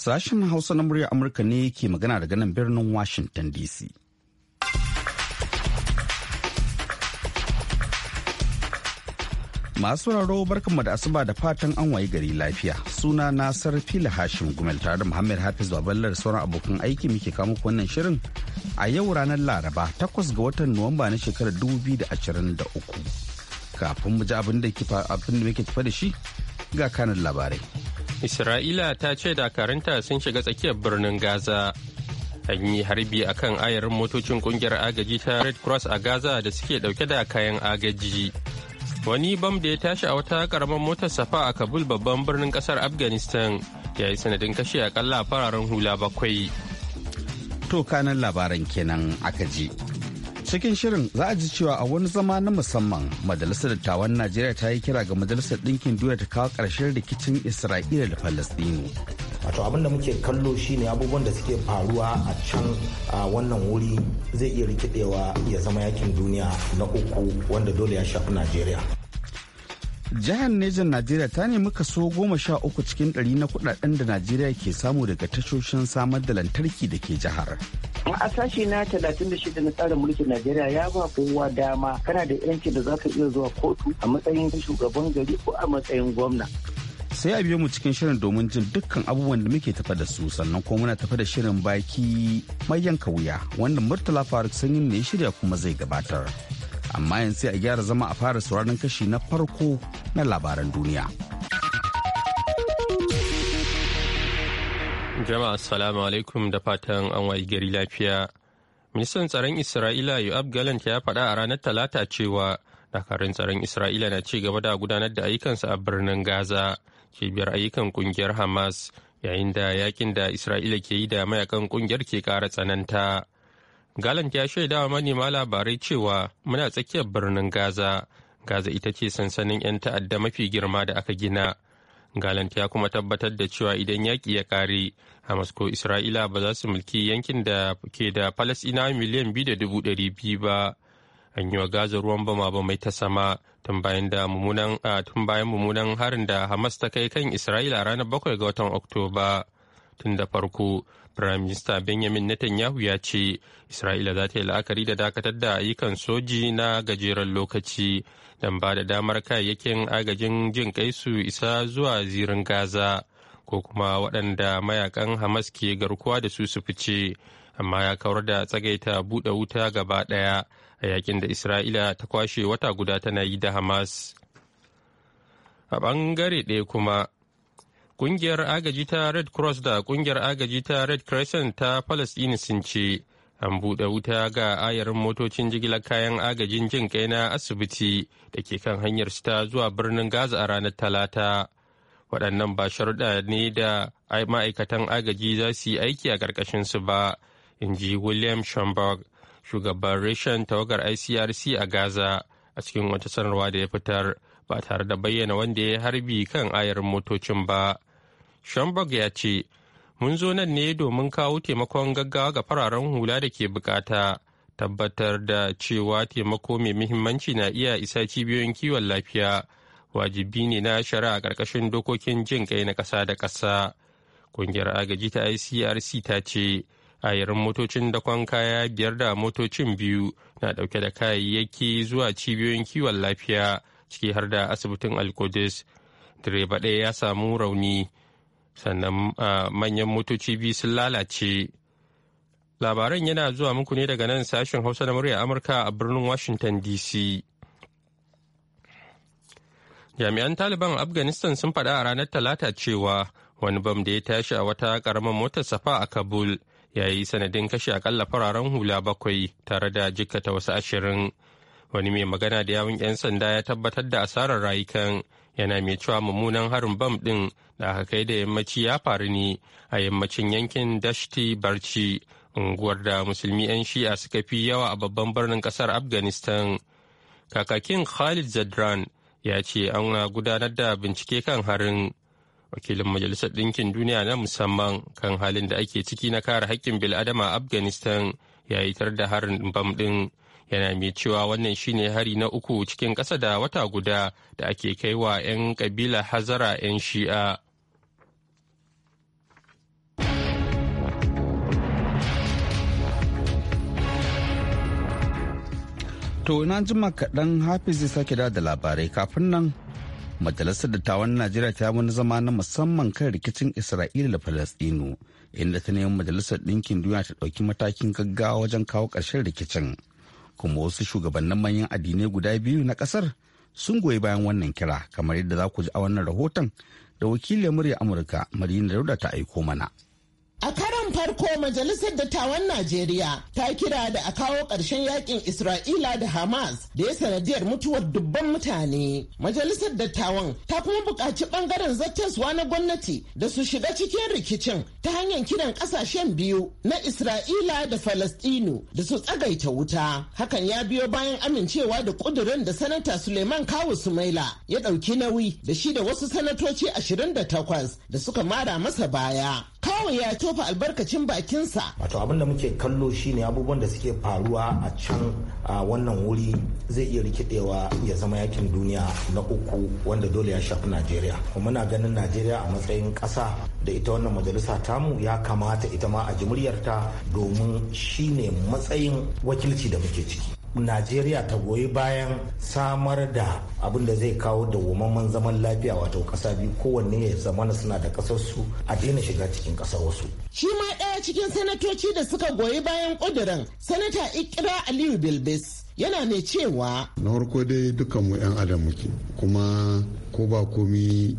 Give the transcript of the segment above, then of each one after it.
Sashen Hausa na muryar Amurka ne ke magana daga nan birnin Washington DC. Masu raro barkanmu da asuba da fatan an wayi gari lafiya. Suna na Sarfila Hashim Gumel tare da Muhammad Hafiz Babalar sauran abokan aiki muke kamo wannan shirin a yau ranar Laraba takwas ga watan Nuwamba na shekarar 2023. Kafin mu ji abin da muke tafa da shi ga kanin labarai. Isra'ila ta ce dakarunta sun shiga tsakiyar birnin Gaza. An yi harbi a kan ayarin motocin kungiyar agaji ta Red Cross a Gaza da suke dauke da kayan agaji. Wani bam da ya tashi a wata karamar motar safa a Kabul babban birnin kasar Afghanistan ya yi sanadin kashe akalla fararen hula bakwai. To kanan labaran kenan aka ji. Cikin shirin za a ji cewa a wani zama na musamman Majalisar Dattawan Najeriya ta yi kira ga Majalisar Ɗinkin Duniya ta kawo ƙarshen rikicin Isra'ila da Falastinu. Wato abin da muke kallo shine abubuwan da suke faruwa a can a wannan wuri zai iya rikidewa ya zama yakin duniya na uku wanda dole ya shafi Najeriya. jihar Nejan Najeriya ta nemi so goma sha uku cikin ɗari na kudaden da Najeriya ke samu daga tashoshin samar da lantarki da ke jihar. a sashi na shida na tsarin mulkin Najeriya ya ba kowa dama kana da yanci da zaka iya zuwa kotu a matsayin shugaban gari ko a matsayin gwamna. Sai a biyo mu cikin shirin domin jin dukkan abubuwan da muke tafa da su sannan kuma muna tafa da shirin baki mai wuya wanda Murtala Faruk Sanyin ne ya shirya kuma zai gabatar. amma yanzu sai a gyara zama a fara sauraron kashi na farko na labaran duniya. Jama'a assalamu alaikum da fatan an wayi gari lafiya. Ministan tsaron Isra'ila Yoab Galant ya faɗa a ranar Talata cewa dakarun tsaron Isra'ila na ci gaba da gudanar da ayyukansa a birnin Gaza, cibiyar ayyukan kungiyar Hamas, yayin da yakin da Isra'ila ke yi da mayakan kungiyar ke ƙara tsananta. Galant ya shaidawa manema labarai cewa muna tsakiyar birnin Gaza. Gaza ita ce sansanin 'yan ta'adda mafi girma da aka gina. Galant ya kuma tabbatar da cewa idan yaƙi ya ƙare, Hamas ko Isra'ila ba za su mulki yankin da ke da falasɗina miliyan biyu da dubu ɗari biyu ba. An yi wa Gaza ruwan bama ba mai ta sama tun bayan mummunan harin da Hamas ta kai kan Isra'ila ranar bakwai ga watan Oktoba. Tun da farko, Prime Minister Benjamin Netanyahu ya ce Isra'ila za ta yi la'akari da dakatar da ayyukan soji na gajeren lokaci don ba da damar kayayyakin agajin jin kai su isa zuwa zirin Gaza ko kuma waɗanda mayakan Hamas ke garkuwa da su su fice, amma ya kawar da tsagaita buɗe wuta gaba ɗaya a yakin da Isra'ila ta kwashe wata guda tana yi da Hamas. A ɓangare ɗaya kuma ƙungiyar agaji ta Red Cross da ƙungiyar agaji ta Red Crescent ta Palestine sun ce an buɗe wuta ga ayarin motocin jigilar kayan agajin jin kai na asibiti da ke kan hanyar ta zuwa birnin Gaza a ranar Talata. Waɗannan ba sharuɗa ne da ma'aikatan agaji za su yi aiki a ƙarƙashinsu ba, in ji William Schomburg, shugaban reshen tawagar ICRC a Gaza a cikin wata sanarwa da ya fitar ba tare da bayyana wanda ya harbi kan ayarin motocin ba. Schomburg ya ce, Mun zo nan ne domin kawo taimakon gaggawa ga fararen hula da ke bukata, tabbatar da cewa taimako mai muhimmanci na iya isa cibiyoyin kiwon lafiya. Wajibi ne na shari'a ƙarƙashin dokokin jin kai na ƙasa da ƙasa. Ƙungiyar agaji ta ICRC ta ce, a ayarin motocin dakon kaya biyar da motocin biyu na ɗauke da kayayyaki zuwa cibiyoyin kiwon lafiya ciki har da asibitin alkodis direba ɗaya ya samu rauni sannan ah, manyan motoci biyu sun lalace labaran yana zuwa muku ne daga nan sashen hausa na murya amurka a birnin washington dc jami'an taliban afghanistan sun faɗa a ranar talata cewa wani bam da ya tashi a wata ƙaramin motar safa a kabul ya yi sanadin kashe akalla fararen hula bakwai tare da jikkata wasu ashirin wani mai magana da yawun 'yan sanda ya tabbatar da asarar rayukan yana mai cewa mummunan harin bam ɗin da aka kai da yammaci ya faru ne a yammacin yankin dashti barci unguwar da musulmi 'yan shi'a suka fi yawa a babban birnin kasar afghanistan kakakin khalid zadran ya ce an gudanar da bincike kan harin wakilin majalisar ɗinkin duniya na musamman kan halin da ake ciki na kare haƙƙin bil'adama a afghanistan ya yi tar da harin bam ɗin yana mai cewa wannan shine hari na uku cikin ƙasa da wata guda da ake kai wa 'yan kabila hazara 'yan shi'a to na jima kaɗan hafiz zai sake da da labarai kafin nan majalisar dattawan najeriya ta wani zama na musamman kan rikicin isra'ila da falastinu inda ta nemi majalisar ɗinkin duniya ta ɗauki matakin gaggawa wajen kawo ƙarshen rikicin kuma wasu shugabannin manyan addinai guda biyu na kasar sun goyi bayan wannan kira kamar yadda za ku ji a wannan rahoton da wakilin murya amurka marina da ta aiko mana a karan farko majalisar dattawan najeriya ta kira da a kawo ƙarshen yakin isra'ila da hamas da ya sanadiyar mutuwar dubban mutane majalisar dattawan ta kuma buƙaci ɓangaren zattaswa na gwamnati da su shiga cikin rikicin ta hanyar kiran kasashen biyu na Isra'ila da Falastinu da su tsagaita wuta. Hakan ya biyo bayan amincewa da kudurin da Sanata Suleiman Kawu Sumaila ya ɗauki nauyi da shi da wasu sanatoci 28 da suka mara masa baya. Kawu ya tofa albarkacin bakinsa. Wato abin da muke kallo shine abubuwan da suke faruwa a can a wannan wuri zai iya rikidewa ya zama yakin duniya na uku wanda dole ya shafi Najeriya. Kuma muna ganin Najeriya a matsayin ƙasa da ita wannan majalisa ta tamu ya kamata ita ma a ji muryarta domin shine matsayin wakilci da muke ciki najeriya ta goyi bayan samar da abin da zai kawo da womamman zaman lafiya wato kasa biyu kowanne ya zamana suna da kasarsu a daina shiga cikin kasar wasu shi ma ɗaya cikin sanatoci da suka goyi bayan ƙudurin sanata ikira aliyu bilbis yana mai cewa na farko dai dukanmu 'yan adam muke kuma ko ba komi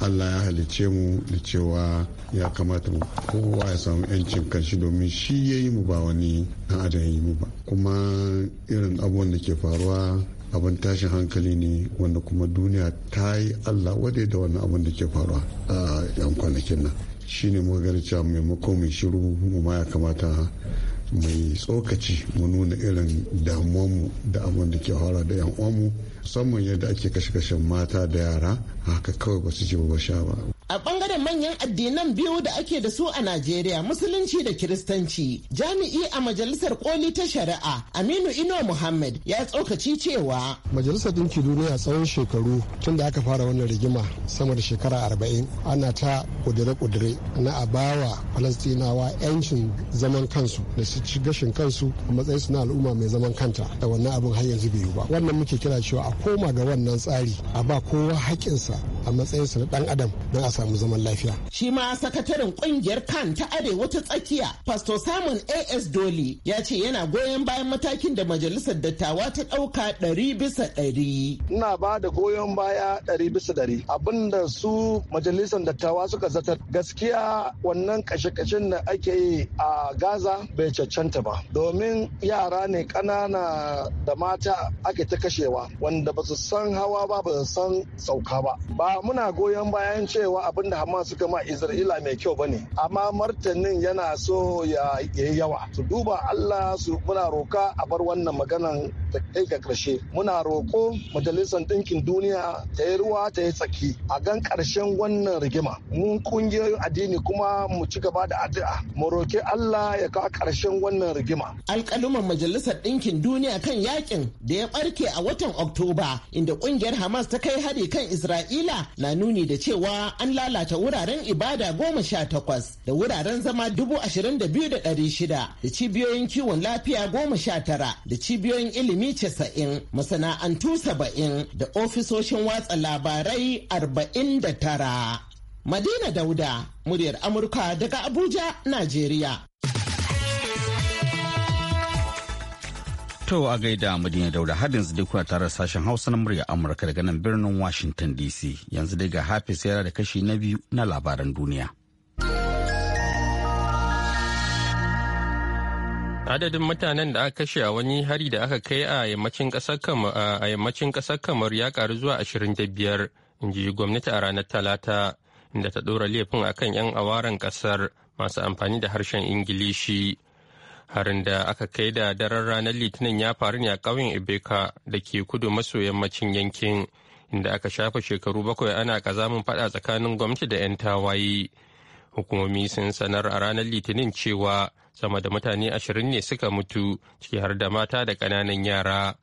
allah ya halice mu da cewa ya kamata mu kowa ya samu yancin kanshi domin shi ya yi mu ba wani na adam yi mu ba kuma irin abubuwan da ke faruwa abin tashin hankali ne wanda kuma duniya ta yi allah wadai da wannan abin da ke faruwa a yan kwanakin nan shine muka gani cewa maimako mai shiru mu ma ya kamata mai tsokaci mu nuna irin damuwanmu da abin da ke faruwa da yan uwanmu musamman yadda ake kashe-kashen mata da yara haka kawai ba su ji ba sha ba A bangaren manyan addinan biyu da ake da su a Najeriya Musulunci da Kiristanci, jami'i a Majalisar Koli ta Shari'a Aminu Ino Muhammad ya tsokaci cewa. Majalisar Dinki Duniya tsawon shekaru tun da aka fara wannan rigima sama da shekara arba'in ana ta kudure-kudure na a bawa Falastinawa 'yancin zaman kansu da su ci gashin kansu a matsayin su na al'umma mai zaman kanta da wannan abin har yanzu bai yi ba. Wannan muke kira cewa a koma ga wannan tsari a ba kowa haƙƙinsa a matsayinsa na ɗan adam don a samu zaman lafiya. Shi ma sakataren kungiyar kan ta arewa ta tsakiya Pastor Simon AS Dole ya ce yana goyon bayan matakin da majalisar dattawa ta ɗauka ɗari bisa ɗari. Ina ba da goyon baya ɗari bisa ɗari. Abin da su majalisar dattawa suka zatar gaskiya wannan kashe-kashen da ake yi a Gaza bai cancanta ba. Domin yara ne ƙanana da mata ake ta kashewa wanda ba su san hawa ba ba su san sauka ba. Ba muna goyon bayan cewa abin da Hamas suka ma Isra'ila mai kyau bane amma martanin yana so ya yi yawa su duba Allah su muna roka a bar wannan maganan ta kai ga ƙarshe muna roƙo majalisar ɗinkin duniya ta yi ruwa ta yi tsaki a gan ƙarshen wannan rigima mun ƙungiyoyin addini kuma mu ci gaba da addu'a mu roƙi Allah ya kawo ƙarshen wannan rigima. Alƙaluman majalisar ɗinkin duniya kan yakin da ya ɓarke a watan Oktoba inda ƙungiyar Hamas ta kai hari kan Isra'ila na nuni da cewa an lalata wuraren ibada goma sha takwas da wuraren zama dubu ashirin da biyu da ɗari shida da cibiyoyin kiwon lafiya goma sha tara da cibiyoyin ilimi malami casa'in masana'antu saba'in da ofisoshin watsa labarai arba'in da tara. Madina Dauda, muryar Amurka daga Abuja, Najeriya. To a gaida Madina Dauda har yanzu dai kuna tare sashen Hausa na murya Amurka daga nan birnin Washington DC. Yanzu dai ga Hafiz yara da kashi na biyu na labaran duniya. adadin mutanen da aka kashe a wani hari da aka kai a yammacin ƙasar kamar ya karu zuwa ashirin da 25 ji gwamnati a ranar talata inda ta ɗora laifin akan 'yan awaran ƙasar masu amfani da harshen ingilishi harin da aka kai da daren ranar litinin ya faru ne a ƙauyen ibeka da ke kudu maso yammacin yankin inda aka shafa shekaru bakwai ana kazamin faɗa tsakanin gwamnati da 'yan tawaye. hukumomi sun sanar a ranar litinin cewa sama da mutane ashirin ne suka mutu ciki har da mata da ƙananan yara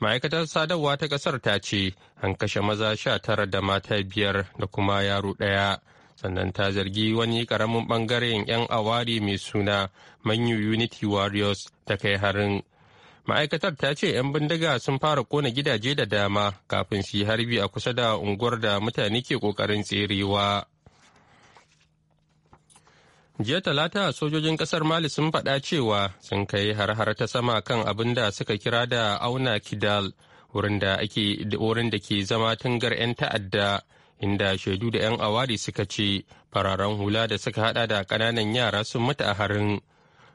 ma'aikatar sadarwa ta ƙasar ta ce an kashe maza sha tara da mata biyar da kuma yaro ɗaya sannan ta zargi wani ƙaramin ɓangaren 'yan awari mai suna manyu unity warriors ta kai harin ma'aikatar ta ce 'yan bindiga sun fara kona gidaje da dama kafin su yi harbi a kusa da unguwar da mutane ke ƙoƙarin tserewa. jiya talata sojojin kasar mali sun faɗa cewa sun kai har-har ta sama kan abin da suka kira da auna kidal wurin da ke zama tungar 'yan ta'adda inda shaidu da 'yan awari suka ce fararen hula da suka hada da ƙananan yara sun mutu a harin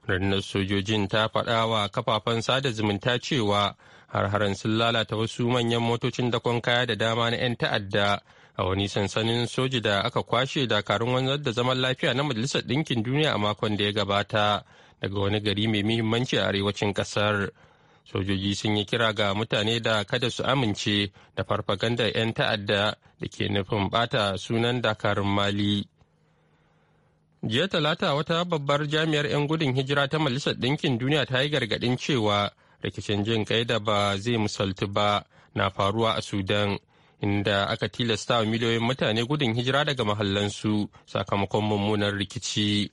rannar sojojin ta faɗa wa kafafen sada zumunta cewa har sun lalata wasu manyan motocin dakon kaya da dama na 'yan ta'adda a wani sansanin soji da aka kwashe dakarun wanzar da zaman lafiya na majalisar ɗinkin duniya a makon da ya gabata daga wani gari mai muhimmanci a arewacin ƙasar sojoji sun yi kira ga mutane da kada su amince da farfaganda 'yan ta'adda da ke nufin bata sunan dakarun mali jiya talata wata babbar jami'ar 'yan gudun hijira ta majalisar ɗinkin duniya ta yi gargaɗin cewa rikicin jin kai da ba zai musaltu ba na faruwa a sudan inda aka tilasta wa miliyoyin mutane gudun hijira daga mahallansu sakamakon mummunar rikici.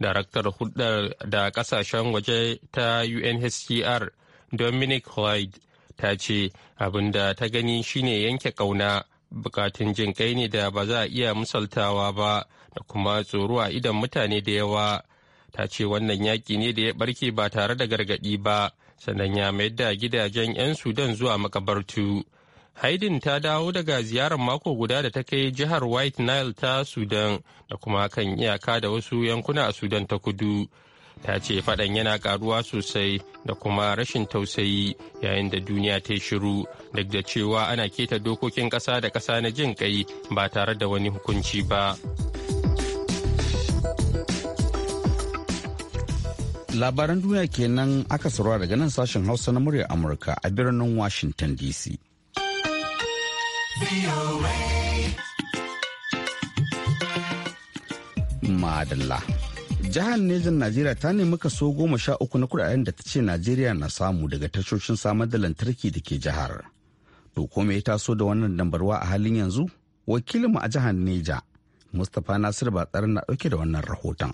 Daraktar hulɗar da kasashen waje ta UNHCR Dominic Lloyd ta ce abin da ta gani shine yanke ƙauna bukatun jin kai ne da ba za a iya misaltawa ba da kuma tsoro a idan mutane da yawa. Ta ce wannan yaƙi ne da ya barke ba tare da gargaɗi ba, sannan ya mayar da gidajen 'yan Sudan zuwa makabartu. haidin ta dawo daga ziyarar mako guda da ta kai jihar white nile ta sudan da kuma kan iyaka da wasu yankuna a sudan ta kudu ta ce faɗan yana ƙaruwa sosai da kuma rashin tausayi yayin da duniya ta shiru duk da cewa ana keta dokokin ƙasa da ƙasa na jin kai ba tare da wani hukunci ba labaran duniya kenan aka saurara daga nan sashen hausa na muryar amurka a birnin washington dc Madalla. Jihar Nejin Najeriya ta nemi kaso goma sha uku na kudaden da ta ce Najeriya na samu daga tashoshin samar da lantarki da ke jihar. To kome ya taso da wannan dambarwa a halin yanzu? Wakilinmu a jihar Neja, Mustapha Nasir Batsar na dauke da wannan rahoton.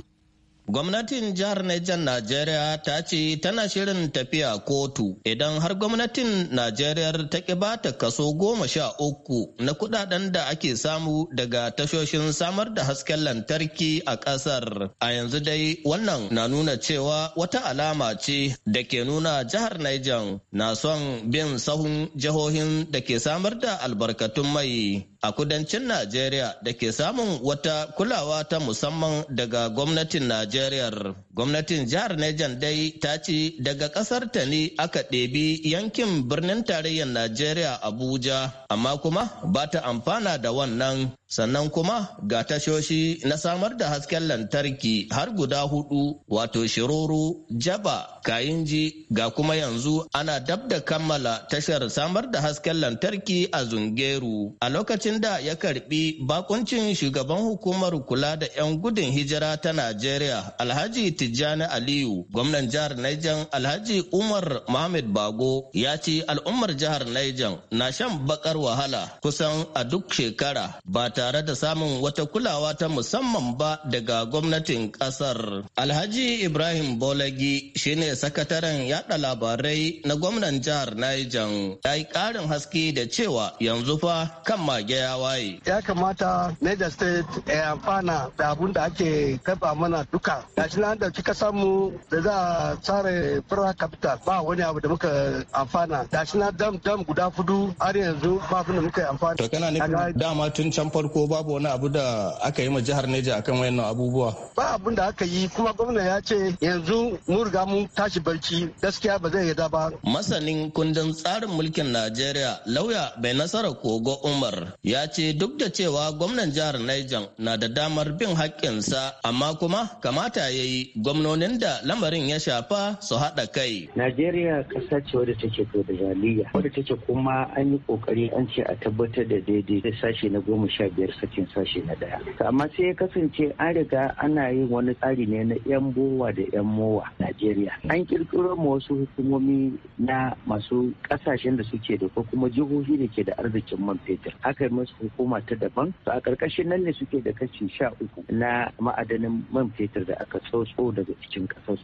Gwamnatin jihar Niger Najeriya ta ce tana shirin tafiya kotu idan har gwamnatin Najeriya ta ƙi ta kaso goma sha uku na kudaden da ake samu daga tashoshin samar da hasken lantarki a ƙasar. A yanzu dai wannan na nuna cewa wata alama ce da ke nuna jihar Niger na son bin sahun jihohin da ke samar da albarkatun mai. a kudancin Najeriya da ke samun wata kulawa ta musamman daga gwamnatin Najeriya. Gwamnatin jihar Nejan dai ta ce daga kasar ta ne aka ɗebi yankin birnin tarayyar Najeriya Abuja, amma kuma ba ta amfana da wannan sannan kuma ga tashoshi na samar da hasken lantarki har guda hudu wato shiroro jaba kayinji ga kuma yanzu ana dab da kammala tashar samar da hasken lantarki a zungeru a lokacin da ya karbi bakuncin shugaban hukumar kula da 'yan gudun hijira ta najeriya alhaji tijjani aliyu gwamnan jihar Naijan alhaji umar mohammed bago ya ce al'ummar jihar Naijan na shan bakar wahala kusan a duk shekara ba ta tare da samun wata kulawa ta musamman ba daga gwamnatin kasar. Alhaji Ibrahim Bolagi shine sakataren yada labarai na gwamnan jihar Niger ya yi karin haske da cewa yanzu fa kan mage ya waye. Ya kamata Niger State ya eh, amfana da abun da ake kafa mana duka. shi na dauki kasar mu da za a tsare federal capital ba wani abu da muka amfana. shi na dam dam guda fudu har yanzu ba abin da muka amfana. To kana nufin dama tun can farko farko babu wani abu da aka yi ma jihar Neja akan wayannan abubuwa. Ba abun da aka yi kuma gwamna ya ce yanzu mun riga mun tashi barci gaskiya ba zai yarda ba. Masanin kundin tsarin mulkin Najeriya lauya bai nasara kogo Umar ya ce duk da cewa gwamnan jihar Neja na da damar bin haƙƙinsa amma kuma kamata ya yi gwamnonin da lamarin ya shafa su haɗa kai. Najeriya ƙasa ce wadda take federaliya wadda take kuma an yi ƙoƙari an ce a tabbatar da daidai da sashe na goma sha biyu biyar sakin sashe na daya amma sai ya kasance an riga ana yin wani tsari ne na yan bowa da yan mowa najeriya an kirkiro ma wasu hukumomi na masu kasashen da suke da ko kuma jihohi da ke da arzikin man fetur aka yi masu hukuma ta daban to a karkashin nan ne suke da kashi sha uku na ma'adanin man fetur da aka tsotso daga cikin kasar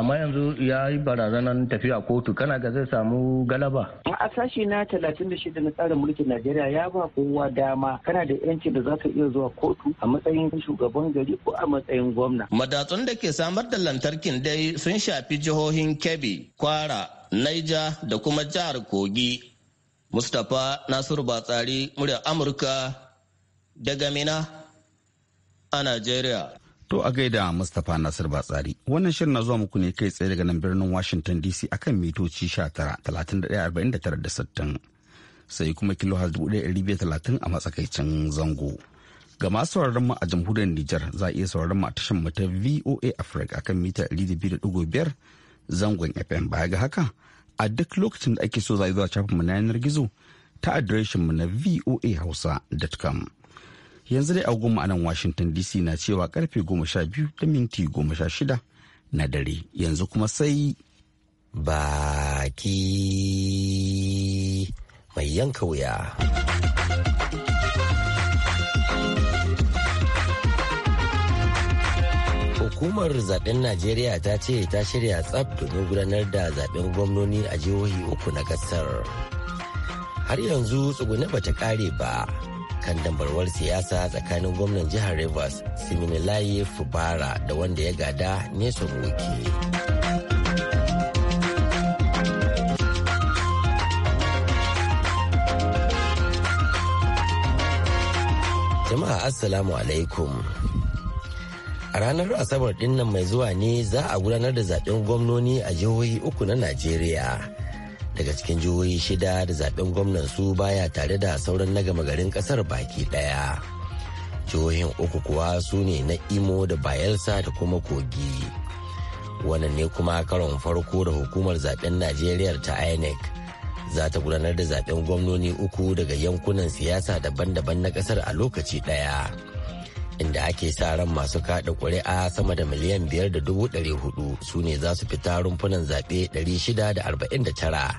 amma yanzu ya yi barazanar tafiya kotu kana ga zai samu galaba a sashi na talatin da shida na tsarin mulkin najeriya ya ba kowa dama kana da yan ce da za ka iya zuwa kotu a matsayin shugaban gari ko a matsayin gwamna. Madatsun da ke samar da lantarkin dai sun shafi jihohin Kebbi, Kwara, Naija da kuma jihar Kogi. Mustapha Nasiru Batsari, muryar Amurka daga Mina a Najeriya. To a gaida Mustapha Nasir Batsari. Wannan shirin na zuwa muku ne kai tsaye daga nan birnin Washington DC akan mitoci 19 31 49 da sai kuma kilohaz talatin a matsakaicin zango. Ga masu sauraron mu a jamhuriyar Nijar za a iya sauraron mu a tashar mu ta VOA Africa akan mita biyar zangon FM baya ga haka a duk lokacin da ake so za a zuwa shafin mu na yanar gizo ta adireshin mu na voa hausa voahausa.com. Yanzu dai agogo a nan Washington DC na cewa karfe goma sha 12 da minti goma sha shida na dare yanzu kuma sai baki mai yanka wuya. Hukumar zaben Najeriya ta ce ta shirya tsab domin gudanar da zaben gwamnoni a jihohi uku na kasar. Har yanzu tsugune bata ta kare ba kan dambarwar siyasa tsakanin gwamnan jihar Rivers Siminilaye Fubara da wanda ya gada Nyesom Wuki. Jama'a Assalamu alaikum. A ranar Asabar ɗinnan mai zuwa ne za a gudanar da zaben gwamnoni a jihohi uku na Najeriya. Daga cikin jihohi shida da zaben gwamnan su baya tare da sauran na gama garin ƙasar baki ɗaya. Jihohin uku kuwa su ne na Imo da Bayelsa da kuma Kogi. Wannan ne kuma karon farko da hukumar zaben Najeriya ta INEC. za ta gudanar da zaben gwamnoni uku daga yankunan siyasa daban-daban na kasar a lokaci ɗaya inda ake sa ran masu kada kuri'a sama da miliyan biyar da dubu hudu su ne za su fita rumfunan zaɓe ɗari shida da arba'in da tara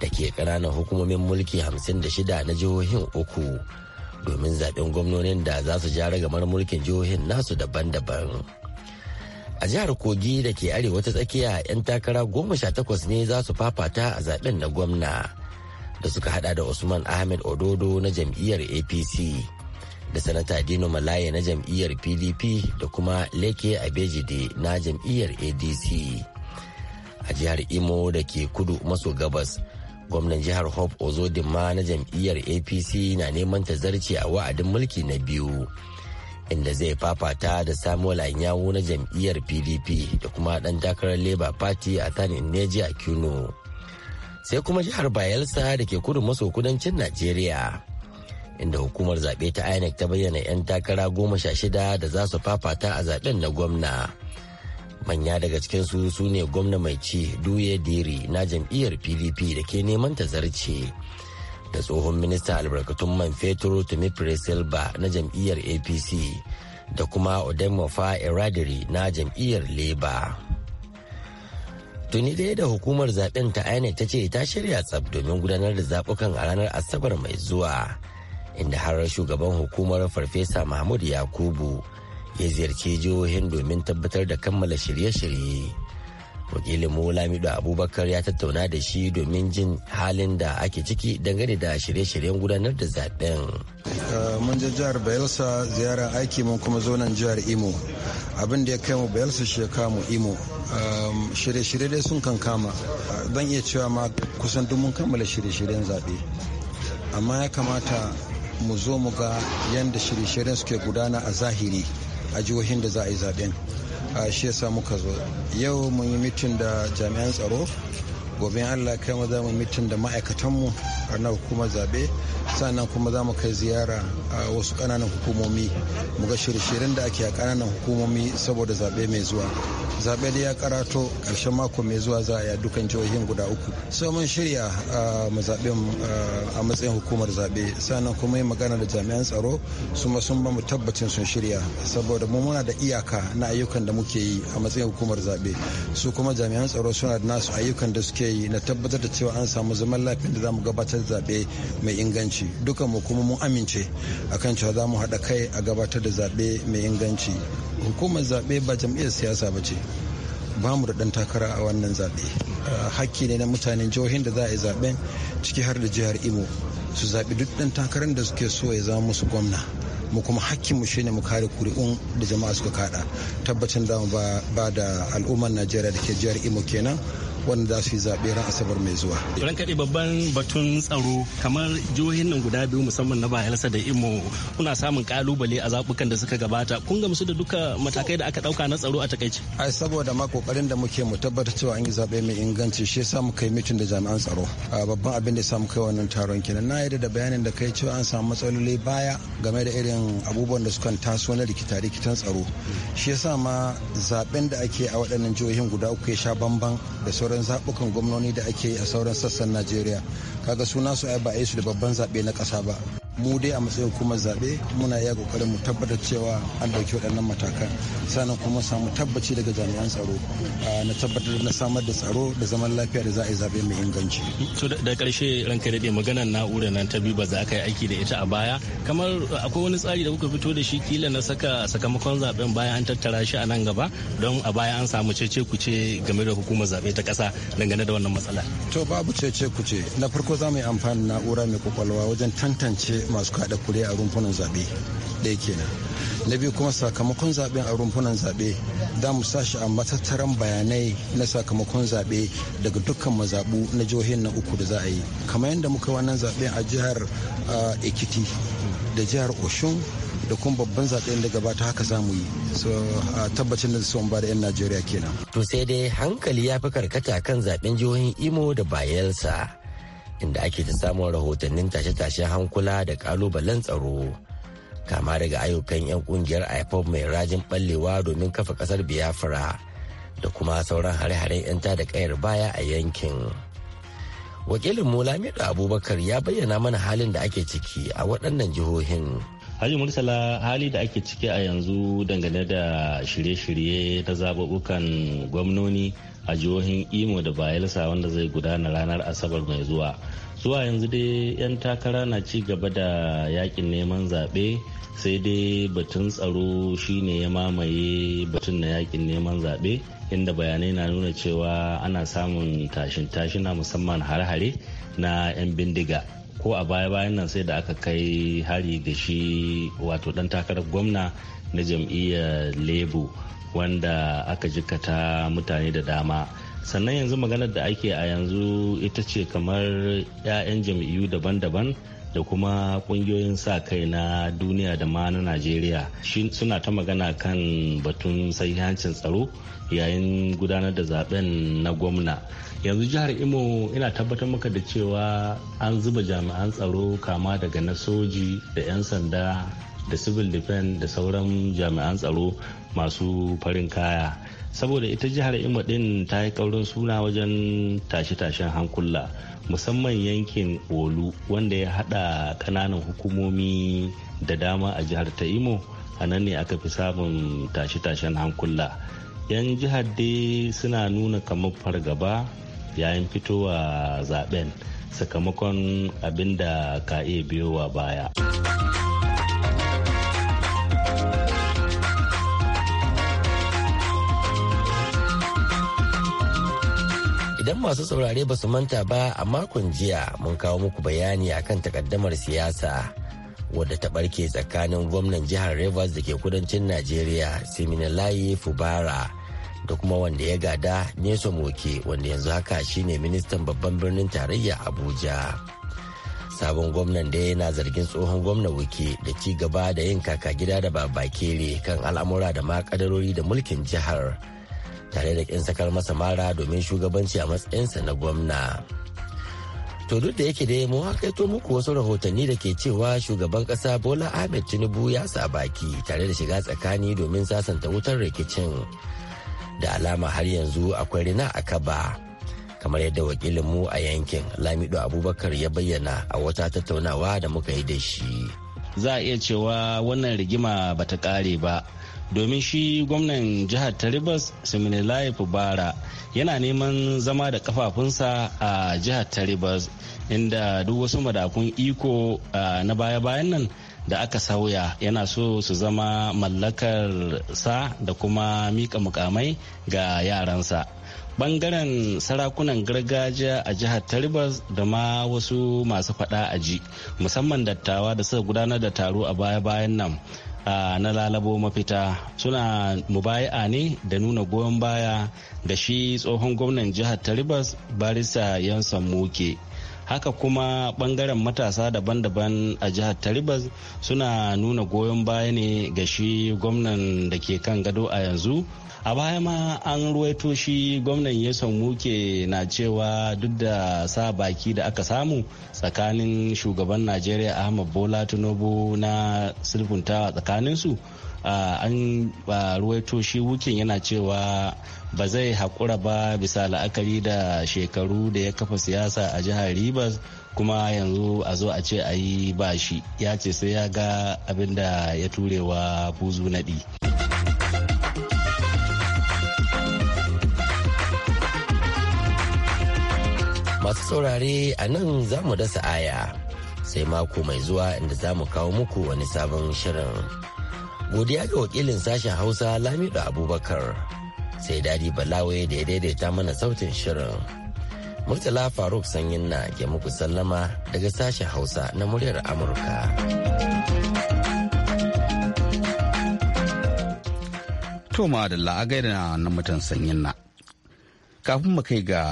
da ke ƙananan hukumomin mulki hamsin da shida na jihohin uku domin zaɓen gwamnonin da za su ja ragamar mulkin jihohin nasu daban-daban. a jihar kogi da ke arewa ta tsakiya 'yan takara goma sha takwas ne za su fafata a zaben na gwamna da suka hada da usman ahmed ododo na jam'iyyar apc da sanata dino malaya na jam'iyyar pdp da kuma leke abejide na jam'iyyar adc a jihar imo da ke kudu maso gabas gwamnan jihar hope ozodinma na jam'iyyar apc na neman ta zarce a wa'adin mulki na biyu inda zai fafata da samuel anyawu na jam'iyyar pdp da kuma ɗan takarar labour party a tanin neji a kuno sai kuma jihar bayelsa da ke kudu maso kudancin najeriya inda hukumar zaɓe ta inec ta bayyana 'yan takara goma sha shida da za su fafata a zaɓen na gwamna manya daga cikinsu su ne gwamna mai ci duye diri na jam'iyyar pdp da ke neman ta zarce da tsohon minista albarkatun man fetur timipre silva na jam'iyyar apc da kuma odemofa eradiri na jam'iyyar leba. tuni dai da hukumar zaben ta inec ta ce ta shirya tsab domin gudanar da zabukan a ranar asabar mai zuwa inda har shugaban hukumar farfesa mahmud yakubu ya ziyarci jihohin domin tabbatar da kammala shirye-shirye wakilin mu lamido abubakar ya tattauna da shi domin jin halin da ake ciki dangane da shirye-shiryen gudanar da zaben eh, mun je jihar bayelsa ziyarar aiki mun kuma zo jihar imo abin da ya kai mu bayelsa shi ya kamu imo ehm, shirye-shirye dai sun kan kama zan iya cewa ma kusan duk mun kammala shirye-shiryen zaɓe amma ya kamata mu zo mu ga yadda shirye-shiryen suke gudana a zahiri a jihohin da za a yi zaɓen a shi yasa muka zo yau mun yi mitin da jami'an tsaro gobe allah kai ma za mu mitin da ma'aikatanmu a na hukumar zaɓe sannan kuma za mu kai ziyara a wasu kananan hukumomi mu ga shirin da ake a kananan hukumomi saboda zabe mai zuwa zaɓe da ya karato karshen mako mai zuwa za a yi dukkan jihohin guda uku sai mun shirya mu zaɓe a matsayin hukumar zabe sannan kuma yi magana da jami'an tsaro su ma sun ba mu tabbacin sun shirya saboda mu muna da iyaka na ayyukan da muke yi a matsayin hukumar zaɓe su kuma jami'an tsaro suna da nasu ayyukan da suke yi na tabbatar da cewa an samu zaman lafiyar da za mu gabatar zaɓe mai inganci dukan mu kuma mun amince akan cewa za mu haɗa kai a gabatar da zaɓe mai inganci hukumar zaɓe ba jam'iyyar siyasa ba ce ba mu da ɗan takara a wannan zaɓe ah, hakki ne na mutanen jihohin da za a yi zaɓen ciki har da jihar imo su zaɓi duk ɗan takarar da suke so ya zama musu gwamna mu kuma mu shine mu kare kuri'un da jama'a suka kada tabbacin da mu ba da al'ummar najeriya da ke jihar imo kenan wanda za su yi zaɓe ran asabar mai zuwa. Ran kaɗe babban batun tsaro kamar jihohin nan guda biyu musamman na Bayelsa da Imo kuna samun kalubale a zabukan da suka gabata kun gamsu da duka matakai da aka ɗauka na tsaro a takaice. Ai saboda ma kokarin da muke mu tabbatar cewa an yi zaɓe mai inganci shi yasa muka yi mitin da jami'an tsaro. Babban abin da ya samu kai wannan taron kenan na yadda da bayanin da kai cewa an samu matsaloli baya game da irin abubuwan da sukan taso na rikita-rikitan tsaro. Shi yasa ma zaɓen da ake a waɗannan jihohin guda uku ya sha bamban da sauran sauran zaɓukan gwamnoni da ake yi a sauran sassan najeriya kaga suna su ai ba a yi su da babban zaɓe na ƙasa ba mu dai a matsayin hukumar zaɓe muna iya kokarin mu tabbatar cewa an ɗauki waɗannan matakan sannan kuma samu tabbaci daga jami'an tsaro na tabbatar na samar da tsaro da zaman lafiya da za a yi zaɓe mai inganci. to da ƙarshe ranka daɗe maganar na'urar nan ta biyu ba za ka yi aiki da ita a baya kamar akwai wani tsari da kuka fito da shi kila na saka sakamakon zaɓen bayan an tattara shi a nan gaba don a baya an samu cece kuce game da hukumar zaɓe ta ƙasa dangane da wannan matsala. to babu cece kuce na farko za mu yi amfani na'ura mai kwakwalwa wajen tantance masu kada kure a rumfunan zaɓe ɗaya kenan na biyu kuma sakamakon zaɓen a rumfunan zaɓe da mu shi a matattaran bayanai na sakamakon zaɓe daga dukkan mazaɓu na jihohin na uku da za a yi kamar yadda muka wannan zaɓen a jihar ekiti da jihar oshun da kuma babban zaɓen da gabata haka za mu yi so a tabbacin da sun ba da 'yan najeriya kenan to sai dai hankali ya fi karkata kan zaɓen jihohin imo da bayelsa inda ake ta samun rahotannin tashe-tashen hankula da kalubalen tsaro kama daga ayyukan 'yan kungiyar ipob mai rajin ballewa domin kafa kasar biafra da kuma sauran hare-haren 'yan da kayar baya a yankin wakilin mu lamido abubakar ya bayyana mana halin da ake ciki a waɗannan jihohin Hajji Mursala hali da ake ciki a yanzu dangane da shirye-shirye ta zaɓuɓɓukan gwamnoni a jihohin imo da bayelsa wanda zai gudana ranar asabar mai zuwa zuwa yanzu dai 'yan takara na ci gaba da yakin neman zaɓe sai dai batun tsaro shine ya mamaye batun na yakin neman zaɓe inda bayanai na nuna cewa ana samun tashin tashina musamman har-hare na 'yan bindiga ko a baya-bayan nan sai da aka kai hari da shi wato dan takarar gwamna na jam'iyyar labour wanda aka jikata mutane da dama sannan yanzu maganar da ake a yanzu ita ce kamar 'ya'yan jam'iyyu daban-daban da kuma kungiyoyin sa kai na duniya da ma na najeriya suna ta magana kan batun sahihancin tsaro yayin gudanar da zaben na gwamna yanzu jihar imo ina tabbatar maka da cewa an zuba jami'an tsaro kama daga na soji da 'yan sanda da civil defense da sauran jami'an tsaro masu farin kaya saboda ita jihar ima din ta yi kaurin suna wajen tashe-tashen hankula musamman yankin olu wanda ya hada kananan hukumomi da dama a jihar ta imo a nan ne aka fi samun tashe-tashen hankula yan jihar dai suna nuna kamar fargaba yayin fitowa zaben sakamakon abin da ka iya biyowa baya. idan masu saurare ba su manta ba a makon jiya mun kawo muku bayani akan takaddamar siyasa wadda ta barke tsakanin gwamnan jihar rivers da ke kudancin najeriya siminalayi fubara da kuma wanda ya gada nesa moke wanda yanzu haka shine ministan babban birnin tarayya abuja sabon gwamnan da yana zargin tsohon gwamnan wuke da ci gaba da yin kaka gida da babakere kan al'amura da ma da mulkin jihar. tare da ƙin sakar masa mara domin shugabanci a matsayinsa na gwamna. To duk da yake dai mu hakaito muku wasu rahotanni da ke cewa shugaban ƙasa Bola Ahmed Tinubu ya sa baki tare da shiga tsakani domin sasanta wutar rikicin. Da alama har yanzu akwai rina a kaba. Kamar yadda wakilin mu a yankin Lamido Abubakar ya bayyana a wata tattaunawa da muka yi da shi. Za a iya cewa wannan rigima bata kare ba. domin shi gwamnan jihar ta ribas bara fubara yana neman zama da kafafunsa a jihar ta ribas inda duk wasu madakun iko na baya-bayan nan da aka sauya yana so su zama mallakar sa da kuma mika mukamai ga yaransa bangaren sarakunan gargajiya a jihar taribas da ma wasu masu fada a ji musamman dattawa da suka gudanar da taro a baya-bayan nan na lalabo mafita suna mubaya'a ne da nuna goyon baya da shi tsohon gwamnan jihar taribas barisa yansan muke haka kuma bangaren matasa daban-daban a jihar taribas suna nuna goyon baya ne ga shi gwamnan da ke kan gado a yanzu a baya ma an ruwaito shi gwamnan ya muke na cewa duk da sa baki da aka samu tsakanin shugaban najeriya ahmad bola tinubu na sulfuntawa tsakaninsu an ruwaito shi wukin yana cewa ba zai haƙura ba bisa la'akari da shekaru da ya kafa siyasa a jihar Rivers kuma yanzu a zo a ce a yi ba shi ya ce sai ya ga abin da ya turewa buzu naɗi. Masu saurare a nan za mu dasa aya sai mako mai zuwa inda za mu kawo muku wani sabon shirin. Godiya ga wakilin sashen Hausa Lamido Abubakar. sai dadi balawe da ya daidaita mana sautin shirin murtala faruk sanyin na ke muku sallama daga sashen hausa na muryar amurka Toma da la'agai na mutan sanyin na kafin mu kai ga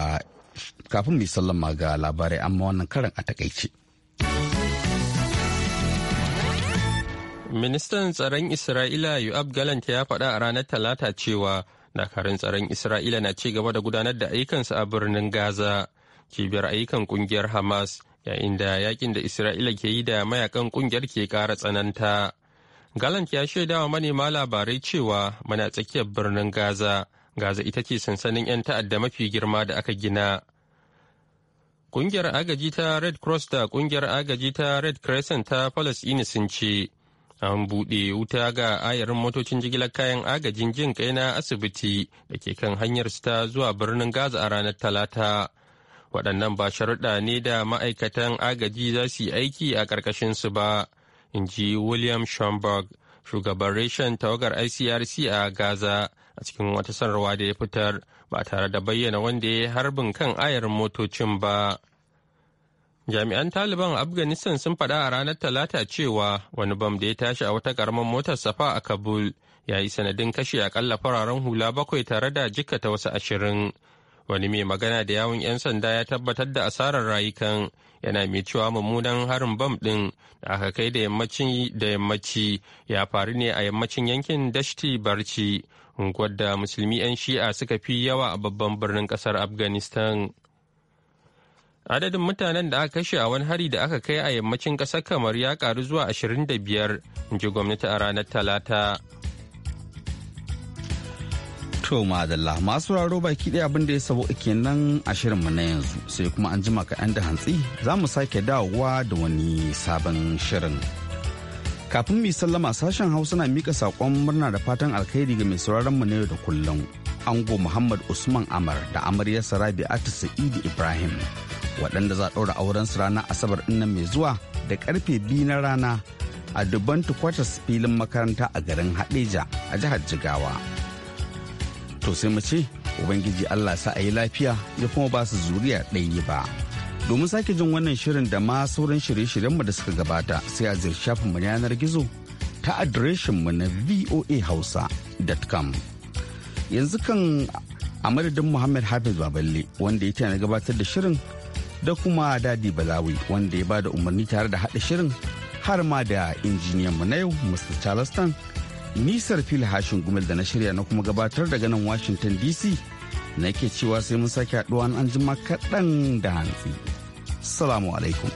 kafin mu sallama ga labarai amma wannan karan a takaice ministan tsaron isra'ila yu'ab galant ya faɗa a ranar talata cewa dakarun tsaron isra'ila na ci gaba da gudanar da ayyukansu a birnin gaza cibiyar ayyukan kungiyar hamas yayin da yakin da isra'ila ke yi da mayakan kungiyar ke kara tsananta galant ya shaidawa manema labarai cewa mana tsakiyar birnin gaza gaza ita ce sansanin 'yan ta'adda mafi girma da aka gina Kungiyar agaji ta Red Cross da kungiyar agaji ta Red Crescent ta Palestine sun ce an buɗe wuta ga ayarin motocin jigilar kayan agajin jin kai na asibiti da ke kan hanyar ta zuwa birnin gaza a ranar talata waɗannan ba sharuɗa ne da ma'aikatan agaji za su yi aiki a ƙarƙashin su ba in ji william schomburg shugaban reshen tawagar icrc a gaza a cikin wata sanarwa da ya fitar ba tare da bayyana wanda ya yi harbin kan ayarin motocin ba. Jami'an Taliban Afghanistan sun faɗa a ranar Talata cewa wani bam da ya tashi a wata ƙaramin motar safa a Kabul ya yi sanadin kashe akalla fararen hula bakwai tare da jika ta wasu ashirin. Wani mai magana da yawun 'yan sanda ya tabbatar da asarar rayukan yana mai cewa mummunan harin bam ɗin da aka kai da yammaci da yammaci ya faru ne a yammacin yankin Dashti Barci, unguwar da musulmi 'yan shi'a suka fi yawa a babban birnin ƙasar Afghanistan. adadin mutanen da aka kashe a wani hari da aka kai a yammacin ƙasar kamar ya karu zuwa 25 ji gwamnati a ranar talata to madalla masu raro baki ɗaya abin da ya sabo kenan a mu na yanzu sai kuma an jima kaɗan da hantsi za mu sake dawowa da wani sabon shirin kafin mu sallama sashen hausa na mika saƙon murna da fatan alkhairi ga mai sauraron mu na yau da kullum ango muhammad usman amar da amaryarsa rabi'atu saidi ibrahim waɗanda za a ɗaura auren su rana asabar nan mai zuwa da karfe biyu na rana a dubban tukwatas filin makaranta a garin haɗeja a jihar jigawa to sai mu ce ubangiji allah sa a yi lafiya ya kuma ba su zuriya ɗaya ba domin sake jin wannan shirin da ma sauran shirye-shiryenmu da suka gabata sai a ziyarci shafinmu na yanar gizo ta adireshinmu na voa voahausa.com yanzu kan a madadin muhammad hafiz baballe wanda ya na gabatar da shirin da kuma Dadi Balawi wanda ya bada umarni tare da haɗa shirin har ma da injiniyan mu na yau Mr. Charleston. Nisar fil hashin gumel da na shirya na kuma gabatar daga nan Washington DC na ke cewa sai mun sake haɗuwa an jima kaɗan da hantsi. Salamu alaikum.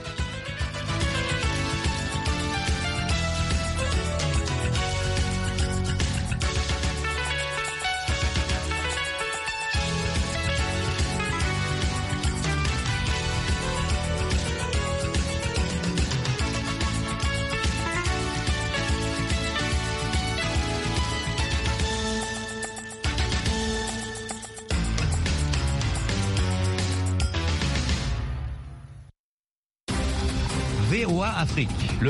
Afrique.